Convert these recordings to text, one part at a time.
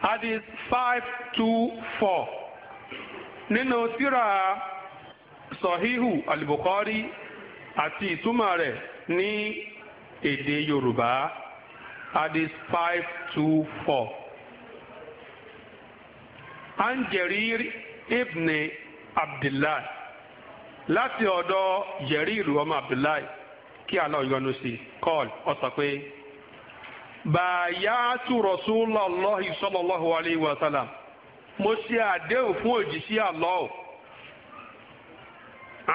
hadith five two four nínú síra sọ̀híhù alìbùkọ́rí àti ìtumọ̀ rẹ̀ ní èdè yorùbá hadith five two four. an Jarir ibn abdullahi láti ọ̀dọ̀ Jeriri ọmọ abdullahi kí Allah yọ́nú sí kọ́ọ̀lù pé. bàyàtú rasulullahi sallallahu alayhi wa sallam mo ṣe àdéhùn fún òjìṣẹ́ àlọ́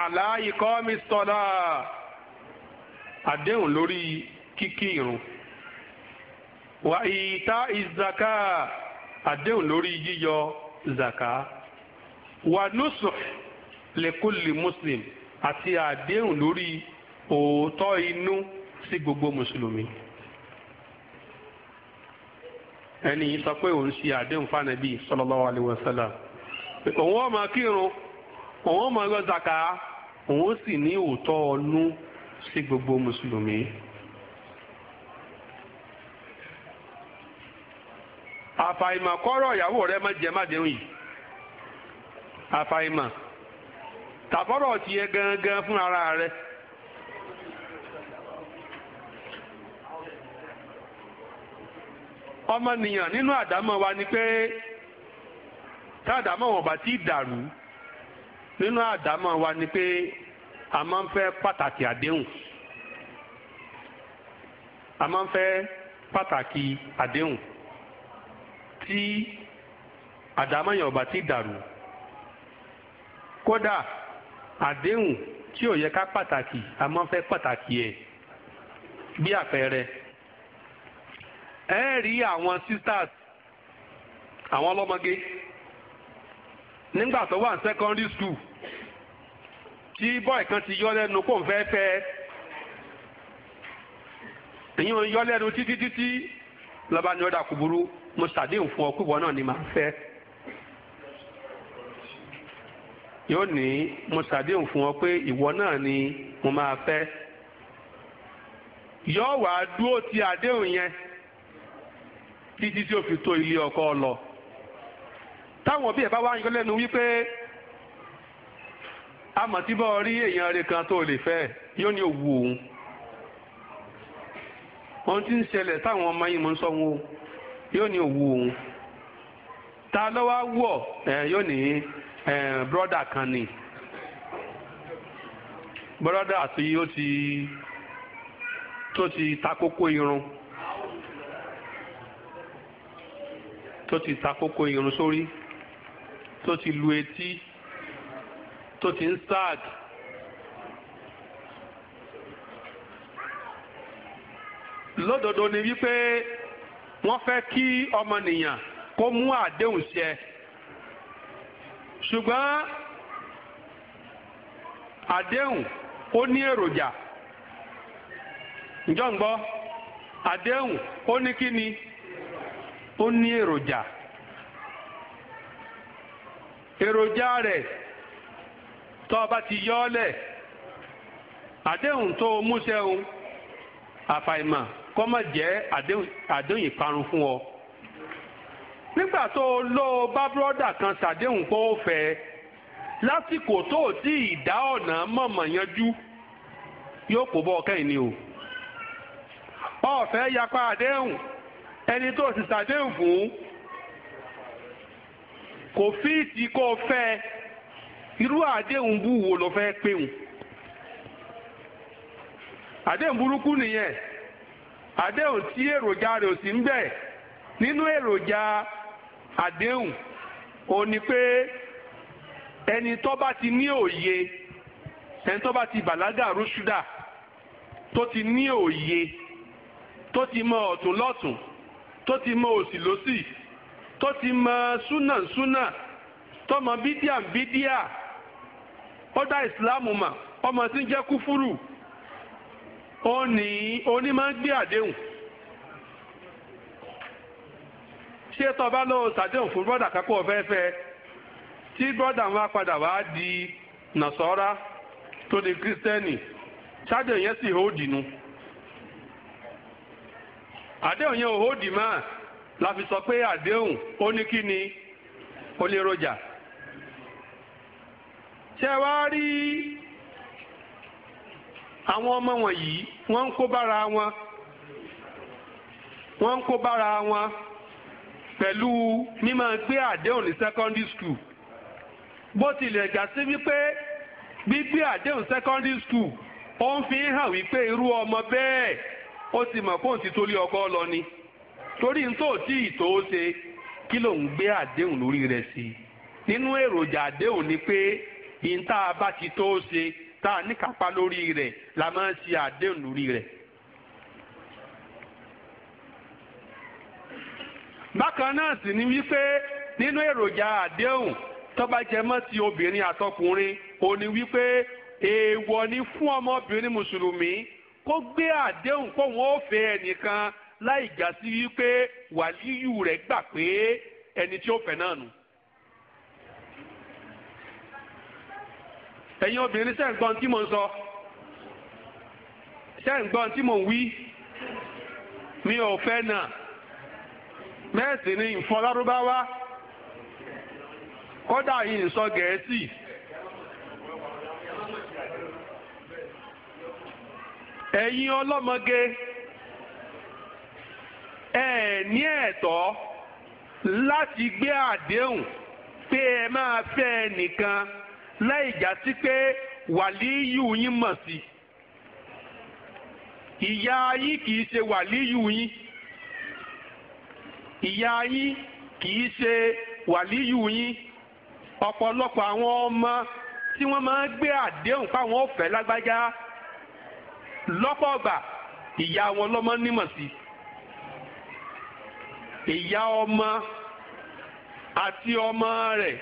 àlàyékọ́ mi sọ́dá àdéhùn lórí kíkí irun wà ìta ìzàká àdéhùn lórí yíyọ zàká wà nùsù lẹ́kùlì muslim àti àdéhùn lórí òótọ́ inú sí gbogbo mùsùlùmí. ẹni sọ pé òun ṣe àdéhùn fànàbí sallallahu alaihi òun ó kírun òun ó máa òun sì ní òótọ́ ọnú sí gbogbo mùsùlùmí. àfàìmọ̀ kọ́rọ̀ ìyàwó rẹ má jẹ́ mádéhùn yìí gangan fún ara rẹ. ọmọnìyàn nínú àdámọ̀ wa ni pé tá àdámọ̀ wọn bá ti dàrú nínú àdámọ̀ wa ni pé a máa ń fẹ́ pàtàkì àdéhùn a máa ń fẹ́ pàtàkì àdéhùn tí àdámọ̀ yẹn ò ti dàrú kódà àdéhùn tí ò yẹ ká pàtàkì a máa ń fẹ́ pàtàkì ẹ̀ bí àpẹẹrẹ. ẹ rí àwọn sisters àwọn ọlọ́mọge nígbà tó wà ní secondary school tí kan ti yọ lẹ́nu kó n fẹ́ fẹ́ ìyẹn yọ lẹ́nu títí títí lọ́ba ọ̀dà mo ṣàdéhùn fún ọ pé náà ni màá fẹ́ yóò ní mo ṣàdéhùn ọ pé ìwọ náà ni mo máa fẹ́ yọ wàá dúró ti àdéhùn yẹn. títí tí ó fi tó ilé ọkọ lọ táwọn òbí ẹ̀ bá wá ń yọ lẹ́nu wípé amọ̀tíbọ̀ rí èèyàn rẹ̀ kan tó lè fẹ́ yóò ní òwú òun ohun tí ń ṣẹlẹ̀ táwọn ọmọ yìí mọ̀ ń sọ yóò ní òwú òun ta yóò ní kan ni bọ́dà tí o ti tó ti takókó irun. tó ti sakókò irun sórí tó ti lu etí tó ti ń sáàdì. lódodo ni wípé wọ́n fẹ́ kí ọmọnìyàn kó mú àdéhùn ṣẹ ṣùgbọ́n àdéhùn ó ní èròjà ǹjọ́ ń gbọ́ àdéhùn ó ní kíni ó ní èròjà èròjà rẹ̀ tó o bá ti yọ ọ́ lẹ̀ àdéhùn tó o múṣẹ́ o àfàìmọ̀ kó má jẹ́ àdéhùn ìparun fún ọ. nígbà tó o lọ bá búrọ́dà kan ṣàdéhùn kó o fẹ́ lásìkò tó o tí ì dá ọ̀nà mọ̀mọ̀ yanjú yóò kó bọ́ ọ kẹ́yìn ni o. ọ̀fẹ́ yapa àdéhùn. ẹni tó sì ṣàdéhùn fún kò fíìtì kó o fẹ́ irú àdéhùn bú wo ló fẹ́ péhùn àdéhùn burúkú nìyẹn àdéhùn tí èròjà rẹ̀ ò sí ń bẹ nínú èròjà àdéhùn ò ní pé ẹni tó bá ti ní òye ẹni tó bá ti bàlágà rúṣúdà tó ti ní òye tó ti mọ ọ̀tún lọ́tún tó ti mọ òsì lọ́sì tó ti mọ súnà súnà mọ bídíà bídíà da ìsìláàmù mà ọmọ tí ń jẹ́ kúfúrù òní òní máa ń gbé àdéhùn ṣé tó lọ sàdéhùn fún bọ́dà kápọ̀ fẹ́fẹ́ tí bọ́dà wọn padà wá di tó di yẹn sì hó dìnnú. àdéhùn yẹn òhó dì máa la fi sọ pé àdéhùn ó ní kí ni oníròjà ṣe wá rí àwọn ọmọ wọ̀nyí wọn ń kó bára wọn wọ́n ń kó bára wọn pẹ̀lú mímọ̀ gbé àdéhùn ní secondary school bó tilẹ̀ gà sí wípé gbígbé àdéhùn secondary school ó ń fi hàn wípé irú ọmọ bẹ́ẹ̀. ó ti mọ̀ kóun ti torí ọkọ lọ ni torí n tó tí ìtò ó ṣe kí ló ń gbé àdéhùn lórí rẹ̀ sí nínú èròjà àdéhùn ni pé n tá a bá ti tó ṣe tá a níkàpá lórí rẹ̀ la máa ń ṣe àdéhùn lórí rẹ̀. bákan náà sì ni wípé nínú èròjà àdéhùn tó jẹ mọ́ ti obìnrin àtọkùnrin ó wípé èèwọ̀ ni fún ọmọbìnrin mùsùlùmí kó gbé àdéhùn wọn ó fẹ́ ẹnìkan láì já sí wípé wàlíyù rẹ̀ gbà pé ẹni tí ó fẹ́ náà nù. ẹ̀yin obìnrin ṣe ń gbọ́n tí mo ń sọ ṣe ń gbọ́n tí mo ń wí mi ò fẹ́ náà mẹ́sìn ni ìfọ́lárúbáwá kódà yìí ń sọ gẹ̀ẹ́sì. ẹ̀yin ọlọ́mọge ẹ ní ẹ̀tọ́ láti gbé àdéhùn pé ẹ máa fẹ́ ẹnìkan láì já sí pé wàlíyù yín mọ̀ sí ìyá yín kì í ṣe wàlíyù yín ìyá yín kì í ṣe wàlíyù yín ọ̀pọ̀lọpọ̀ àwọn ọmọ tí wọ́n máa ń gbé àdéhùn fáwọn ọ̀fẹ́ lágbájá lọ́pọ̀ ọgbà ìyá wọn lọ́mọ nímọ̀ sí ọmọ àti ọmọ rẹ̀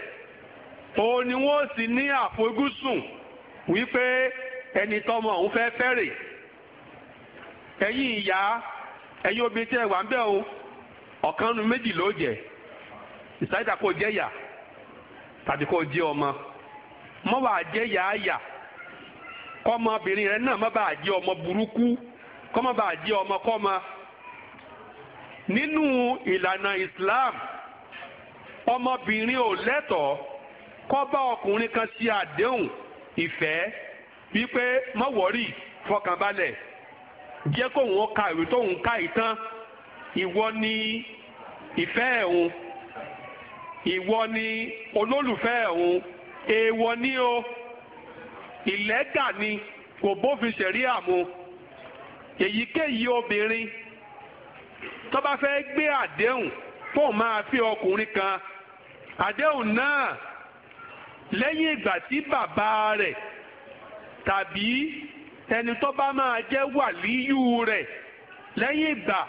òun ni wọ́n sì ní àfojúsùn wípé ẹni òun fẹ́ fẹ́rẹ̀ ẹ̀yin ìyá ẹ̀yin obìnrin ẹ wà ń o ọ̀kan nu méjì ló jẹ́ kò jẹ́ yà tàbí kò ọmọ mọ́wàá jẹ́ yà á yà. kọ́mọbìnrin rẹ náà má bàa jẹ́ ọmọ burúkú kọ́mọ bàa jẹ́ ọmọ kọ́mọ. nínú ìlànà Islam ọmọbìnrin ò lẹ́tọ̀ọ́ kó bá ọkùnrin kan ṣe àdéhùn ìfẹ́ wípé má wọ́rì fọkànbalẹ̀ jẹ́ kóun ka ìwé tóun ka ìtàn ìwọ ni ìfẹ́ ẹ̀hún ìwọ ni olólùfẹ́ ẹ̀hún èèwọ̀ ni o. ìlẹ́gà ni kò bófin ṣẹ̀ríà mu èyíkéyìí obìnrin tó bá fẹ́ gbé àdéhùn fóun máa fi ọkùnrin kan àdéhùn náà lẹ́yìn ìgbà tí bàbá rẹ̀ tàbí ẹni tó bá máa jẹ́ wàlíyù rẹ̀ lẹ́yìn ìgbà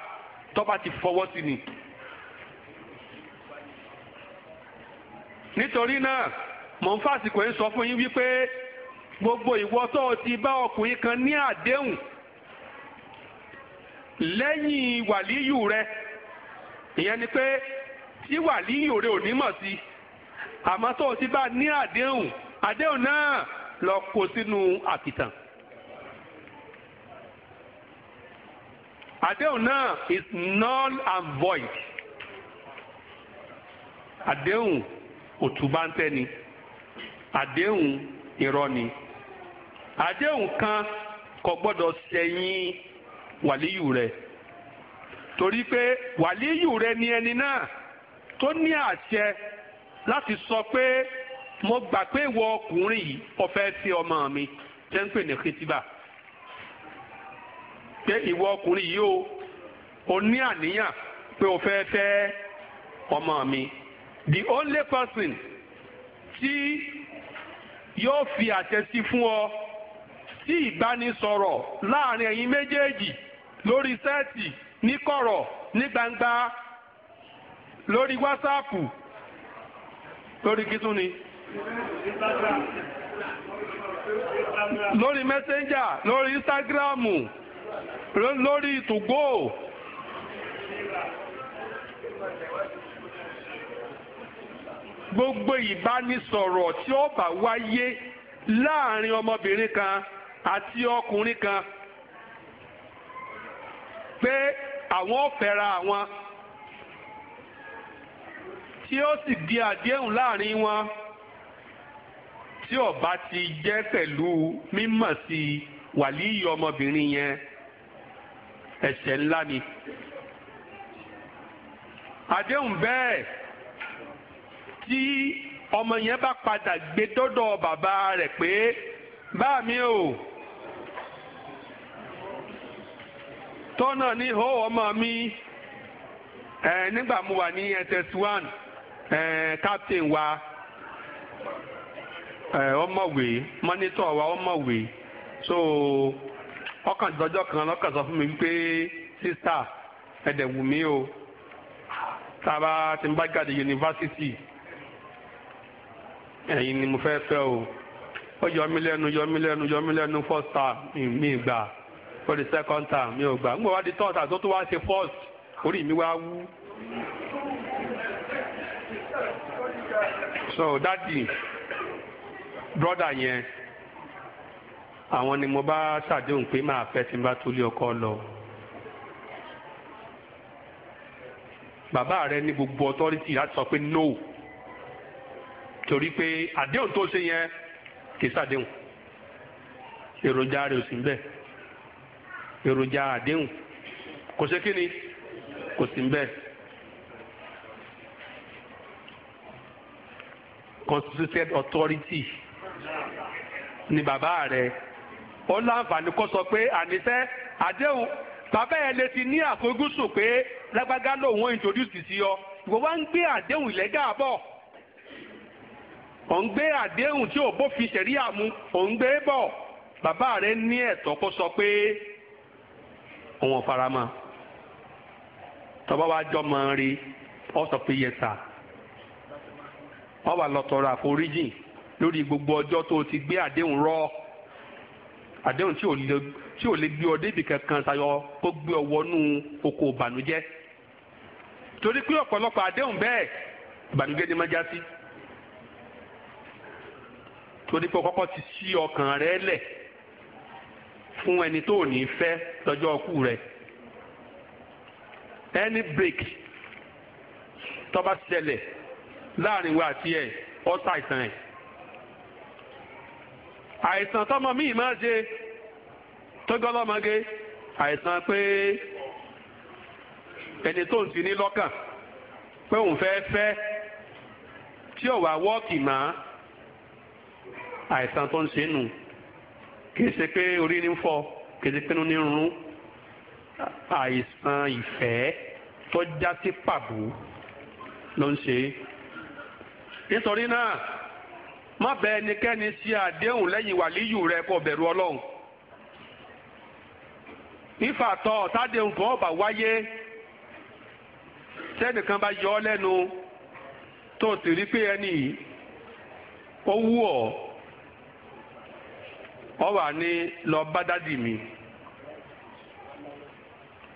tó bá ti fọwọ́ sí ni. nítorí náà mò ń fàsìkò ń sọ fún yín wípé gbogbo ìwọ tó ti bá ọkùnrin kan ní àdéhùn lẹ́yìn wàlíyù rẹ ìyẹn ni pé tí wàlíyù rẹ ò ní mọ̀ sí àmọ́ tó ti bá ní àdéhùn àdéhùn náà lọ kó sínú àkìtàn. àdéhùn náà is null and void àdéhùn òtúbáńtẹ́ ni àdéhùn irọ́ ni àdéhùn kan kò gbọ́dọ̀ ṣẹ̀yìn wàlíyù rẹ̀ torí pé wàlíyù rẹ̀ ni ẹni náà tó ní àṣẹ láti sọ pé mo gbà pé ìwọ ọkùnrin yìí o fẹ́ ṣe ọmọ mi tẹ́ ń pè ní kìtìbà pé ìwọ ọkùnrin yìí o ní àníyàn pé o fẹ́ fẹ́ ọmọ mi the only person tí yóò fi àṣẹ sí fún ọ sí ìbánisọ̀rọ̀ láàrin ẹ̀yin méjèèjì lórí sẹ́ẹ̀tì níkọ̀rọ̀ ní gbangba lórí wásáàpù lórí kìtún ni lórí mẹ́sẹ́ńjà lórí ínstágíráàmù lórí ìtùgbò gbogbo ìbánisọ̀rọ̀ tí ó bá wáyé láàrin ọmọbìnrin kan àti ọkùnrin kan pé àwọn ò fẹ́ra àwọn tí ó sì di àdéhùn láàrin wọn tí ó bá ti jẹ́ pẹ̀lú mímọ̀ sí wàlíì ọmọbìnrin yẹn ẹ̀ṣẹ̀ ńlá ni àdéhùn bẹ́ẹ̀ tí ọmọ yẹn bá padà gbé dọ́dọ̀ bàbá rẹ̀ pé bá mi o. tọ́nà ní hó ọmọ mi nígbà mo wà ní ss1 captain wa ọmọwé monitor wa ọmọwé so ọkàndínlọ́jọ́ kan lọ́kàn sọ fún mi pé sista ẹ̀dẹ̀ wù mí o taba tí n bá jáde yunifásitì ẹ̀yin ni mo fẹ́ o yọ mí yọ mí yọ mí lẹ́nu mi for the second time mi ò gbà ń gbọ́ wá di third time tó tó wá ṣe first orí mi wá wú. so dadi broda yẹn àwọn ni mo bá ṣàdéhùn pé máa fẹ́ tí n bá tó lé ọkọ lọ. bàbá rẹ ní gbogbo authority láti sọ pé no torí pé àdéhùn tó ṣe yẹn kì í ṣàdéhùn èròjà rẹ ò sí ń bẹ́ẹ̀ èròjà àdéhùn kò ṣe kíni kò sí bẹ́ẹ̀. constituted authority ni bàbá rẹ̀ ó láǹfààní kó sọ pé àníṣe àdéhùn bàbá ẹ lè ti ní àfojúsùn pé lágbágá lòun introduce sí ọ ìwọ wá ń gbé àdéhùn ìlẹ́gà bọ̀ ò ń gbé àdéhùn tí ò bófin ṣẹ̀ríà mu ò ń gbé bọ̀ bàbá rẹ̀ ní ẹ̀tọ́ kó sọ pé òun ọ̀faramọ́ tọ́ba wa jọ mọ́ rí ọ sọ pé yẹsà wọ́n wà lọ tọrọ àforíjìn lórí gbogbo ọjọ́ tó ti gbé àdéhùn rọ́ àdéhùn tí ò lè gbé ọ débi kankan sayọ kó gbé ọ wọnú oko ìbànújẹ́ torí pé ọ̀pọ̀lọpọ̀ àdéhùn bẹ́ẹ̀ ìbànújẹ́ ni máa já sí torí pé ọkọ̀ ti sí ọkàn rẹ lẹ̀ fún ẹni tó ò ní fẹ́ lọ́jọ́ ọkú rẹ̀ any break tó bá ṣẹlẹ̀ láàrin wa àti ẹ̀ ọ̀sà àìsàn ẹ̀ àìsàn tọmọ míì máa ṣe tó gọlọmọge àìsàn pé ẹni tó ń ti ní lọ́kàn pé òun fẹ́ fẹ́ tí ò wá wọ́ọ̀kì mọ́ àìsàn tó ń ṣe nù kì í ṣe pé orí ní fọ́ kì í ṣe pé inú ní rún àìsàn ìfẹ́ tó já sí pàbó ló ń ṣe nítorí náà má bẹ ẹnikẹ́ni ṣe àdéhùn lẹ́yìn wàlíyù rẹ kó bẹ̀rù ọlọ́run ìfàtọ̀ ọ̀tádéhùn kan ọ̀bà wáyé tẹ́nìkan bá yọ ọ́ lẹ́nu tó sì rí pé ẹni ó wú ọ wà ní lọ bá dádì mi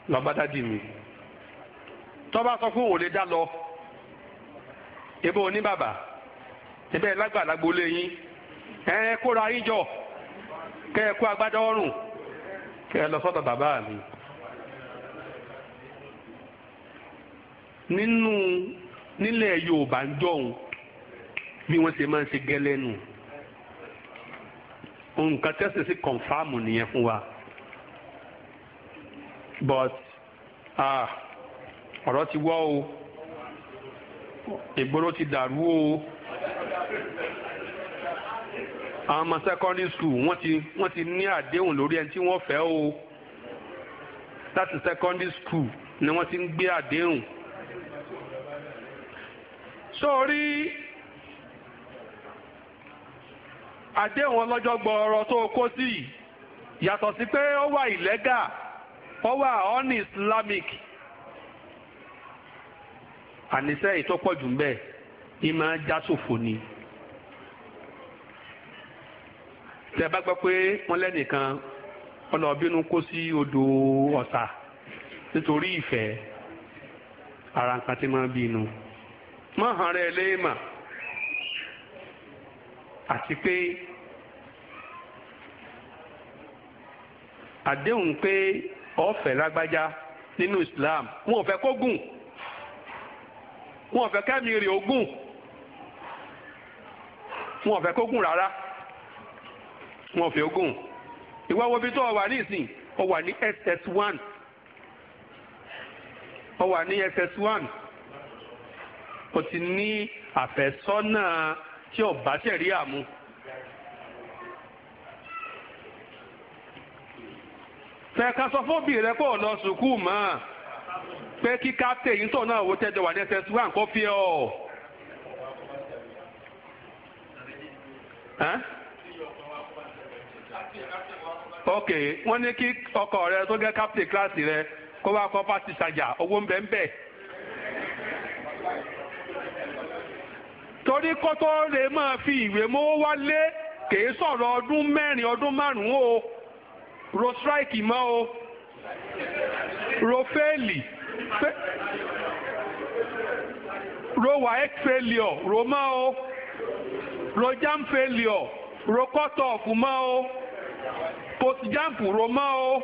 lọ bá dádì mi tó bá sọ fún òun lè dá lọ ebe òní bàbá ebe lágbàlagbò lé yín ẹ kóra yín jọ kẹ ẹ kó agbádá ọrùn kẹ ẹ lọ sọ́dọ̀ bàbá mi. nínú nílẹ̀ Yorùbá ń jọ̀hún bí wọ́n ṣe máa ń ṣe gẹ́lẹ́ nǹkan tẹ́sí sí kọ̀nfàmù nìyẹn fún wa but ah, ọ̀rọ̀ ti wọ́ o ìgboro ti dàrú o àwọn ọmọ secondary school wọ́n ti wọ́n ti ní àdéhùn lórí ẹni tí wọ́n fẹ́ o láti secondary school ni wọ́n ti ń gbé àdéhùn. sórí. So, àdéhùn ọlọ́jọ́ gbọ́ọ̀rọ̀ tó kó sí yàtọ̀ sí pé ó wà ìlẹ́gà ó wà ọ́nì islamic àníṣe ìtọ́pọ̀ ma ń bẹ́ẹ̀ ìmọ̀ jásòfò ni. tẹ́ bá gbọ́ pé wọ́n lẹ́nìkan ọlọ́ọ̀bínú kó sí odò ọ̀sà nítorí ìfẹ́ ara nǹkan máa bínú. hàn rẹ̀ àti pé àdéhùn pé ọ̀fẹ́ lágbájá nínú Islam wọn ò fẹ́ kó gùn wọn ò fẹ́ kẹ́mi rè ó gùn wọn ò fẹ́ kó gùn rárá wọn ò fẹ́ gùn ìwọ bí tó o wà ní ìsìn o wà ní SS1 o wà ní SS1 o ti ní àfẹ́sọ́nà tí ọba tẹ̀rí àmú. fẹ̀ka sọ fún òbí rẹ pọ̀ lọ sùkúù mọ́ pé náà wò tẹ́jọ wà ok wọ́n ní kí rẹ tó gẹ́ rẹ kó wá kọ́ ṣàjà owó ní kó tó lè máa fi ìwé mówó wálé kèé sọ̀rọ̀ ọdún mẹ́rin ọdún márùn-ún o ro strike mọ́ o ro fẹ́ẹ̀lì ro waec failure ro mọ́ o ro jam failure ro cut off mọ́ o post jump ro mọ́ o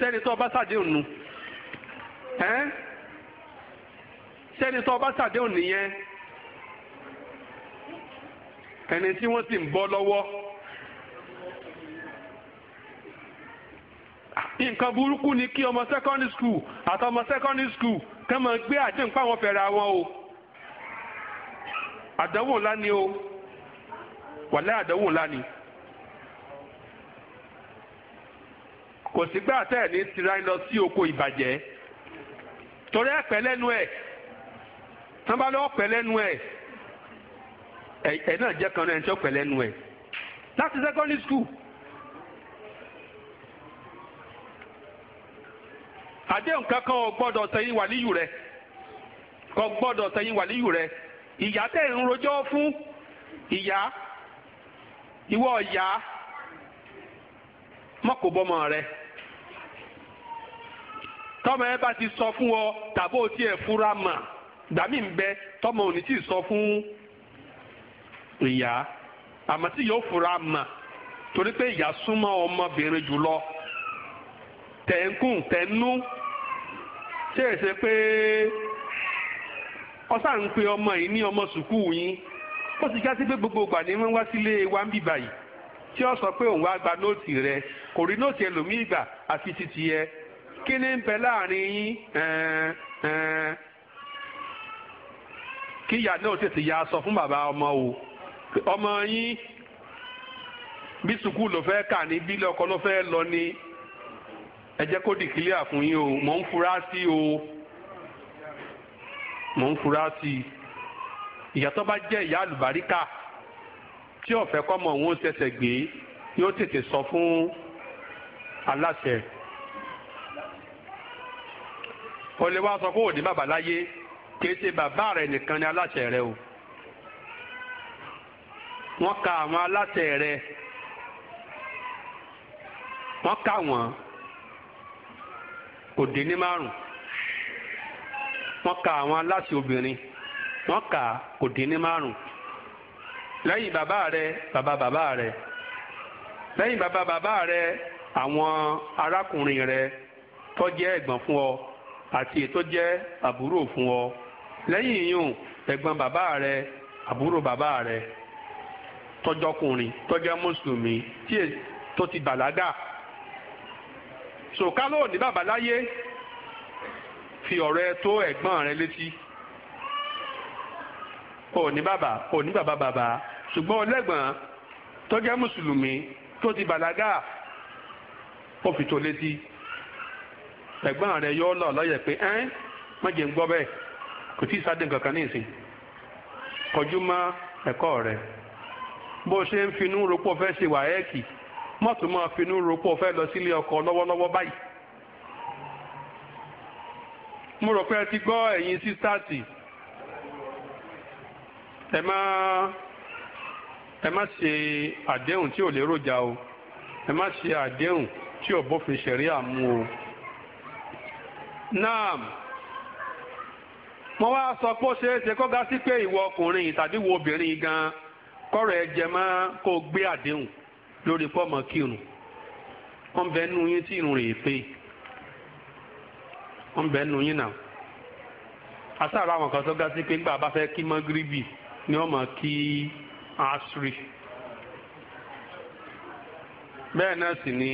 sẹ́ni tó ọba sàdéhùn nu. sẹ́ni tó bá ṣàdéhùn nìyẹn ẹni tí wọ́n sì ń bọ́ lọ́wọ́ nǹkan burúkú ni kí ọmọ secondary school àtọmọ secondary school kàn máa gbé àjẹǹpá wọn fẹ́ra wọn o àdánwò ńlá ni o wàlẹ́ àdánwò ńlá ni. kò sígbà tẹ́ ẹ̀ ní tira lọ sí oko ìbàjẹ́ torí ẹ̀pẹ́ lẹ́nu ẹ̀ tán bá lọ́ọ́ pẹ̀ lẹ́nu ẹ̀ ẹ̀ náà jẹ́ kan náà ẹ̀ ń tí ó pẹ̀ lẹ́nu láti secondary school. àdéhùn kankan ò gbọ́dọ̀ sẹ́yìn wàlíyù rẹ̀ kò gbọ́dọ̀ sẹ́yìn wàlíyù rẹ̀ ìyá tẹ̀ ń rojọ́ fún ìyá ìwọ ìyá mọ́kò bọ́mọ rẹ̀ tọ́mọ ẹ bá ti sọ fún ọ tàbó tiẹ̀ fura mà. gbàmí ń bẹ tọmọ òní tí ì sọ fún ìyá àmọ́ tí yóò fura mà torí pé ìyá súnmọ́ ọmọbìnrin jùlọ tẹ̀ǹkùn tẹ̀ǹnú ṣé èsè pé ọ̀sà ń pe ọmọ yìí ní ọmọ sùkúù yín ó sì já sí pé gbogbo ìgbà ni wọ́n wá sílé wa ń bì báyìí tí ó sọ pé òun wá gba nóòtì rẹ kò rí nóòtì ẹlòmíì gbà àfi titi yẹ kí ni ń bẹ láàrin yín kí ìyá náà tètè ya sọ fún bàbá ọmọ o ọmọ yín bí sùkúù ló fẹ́ kà ní bí lọ́kọ ló fẹ́ lọ ní ẹ jẹ́ kó di clear fún yín o mò ń fura sí o mò ń fura sí i ìyá tó bá jẹ́ ìyá àlùbáríkà tí ó fẹ́ kọ́mọ òun ṣẹ̀ṣẹ̀ gbé yóò tètè sọ fún aláṣẹ. o sọ pé òní bàbá láyé kìí ṣe bàbá rẹ nìkan ni aláṣẹ rẹ o wọ́n ka àwọn aláṣẹ rẹ wọ́n kà wọ́n kò dín ní márùn wọ́n ka àwọn aláṣẹ obìnrin wọ́n kà kò dín ní márùn lẹ́yìn bàbá rẹ bàbá bàbá rẹ lẹ́yìn bàbá bàbá rẹ àwọn arákùnrin rẹ tó jẹ́ fún ọ àti ètò jẹ́ àbúrò fún ọ lẹ́yìn yìí ẹ̀gbọ́n bàbá rẹ àbúrò bàbá rẹ tọjọkùnrin tọjọ mùsùlùmí tí tó ti bàlágà sòkálò ní bàbá láyé fi ọ̀rọ̀ ẹ tó ẹ̀gbọ́n rẹ létí ò ní bàbá ò ní bàbá bàbá ṣùgbọ́n ọlẹ́gbọ̀n tọjọ mùsùlùmí tó ti bàlágà ó fi tó létí ẹ̀gbọ́n rẹ yọ ọ lọ lọ́yẹ̀ pé ẹ́ mọ̀jẹ̀ ń gbọ́ bẹ́ẹ̀. kò tí ì sáde nǹkan kan ní ìsìn kọjú mọ ẹkọ rẹ bó ṣe ń finú ropó fẹ́ ṣe wàhẹ́ẹ̀kì mọ́tò máa finú ropó fẹ́ lọ sílé ọkọ lọ́wọ́lọ́wọ́ báyìí mo rò pé ẹ ti gbọ́ ẹ̀yin sístáàtì ẹ má ẹ má ṣe àdéhùn tí ò léròjà o ẹ má ṣe àdéhùn tí ò bófin ṣẹ̀ríà mu o. naam. mo wá sọ pé ó ṣeé ṣe kó ga sí pé ìwọ ọkùnrin tàbí ìwọ obìnrin gan kọ́rọ̀ ẹ jẹ mọ́ kó o gbé àdéhùn lórí pọ́ọ̀mọ́ kírun wọ́n bẹ nínú yín tí irun rèé pé wọ́n bẹ nínú yín náà asáàrò àwọn kan tó ga sí pé nígbà bá kí mọ́gíríbì ni wọ́n mọ̀ kí asri bẹ́ẹ̀ náà sì ni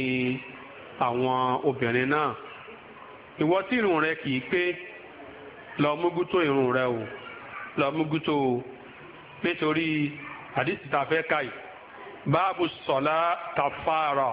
àwọn obìnrin náà ìwọ tí irun rẹ kì í pé. lọ mógútó irun rẹ o lọ mógútó o nítorí àdìsí tá a fẹ́ ká yìí báàbù sọ̀lá tàfàrà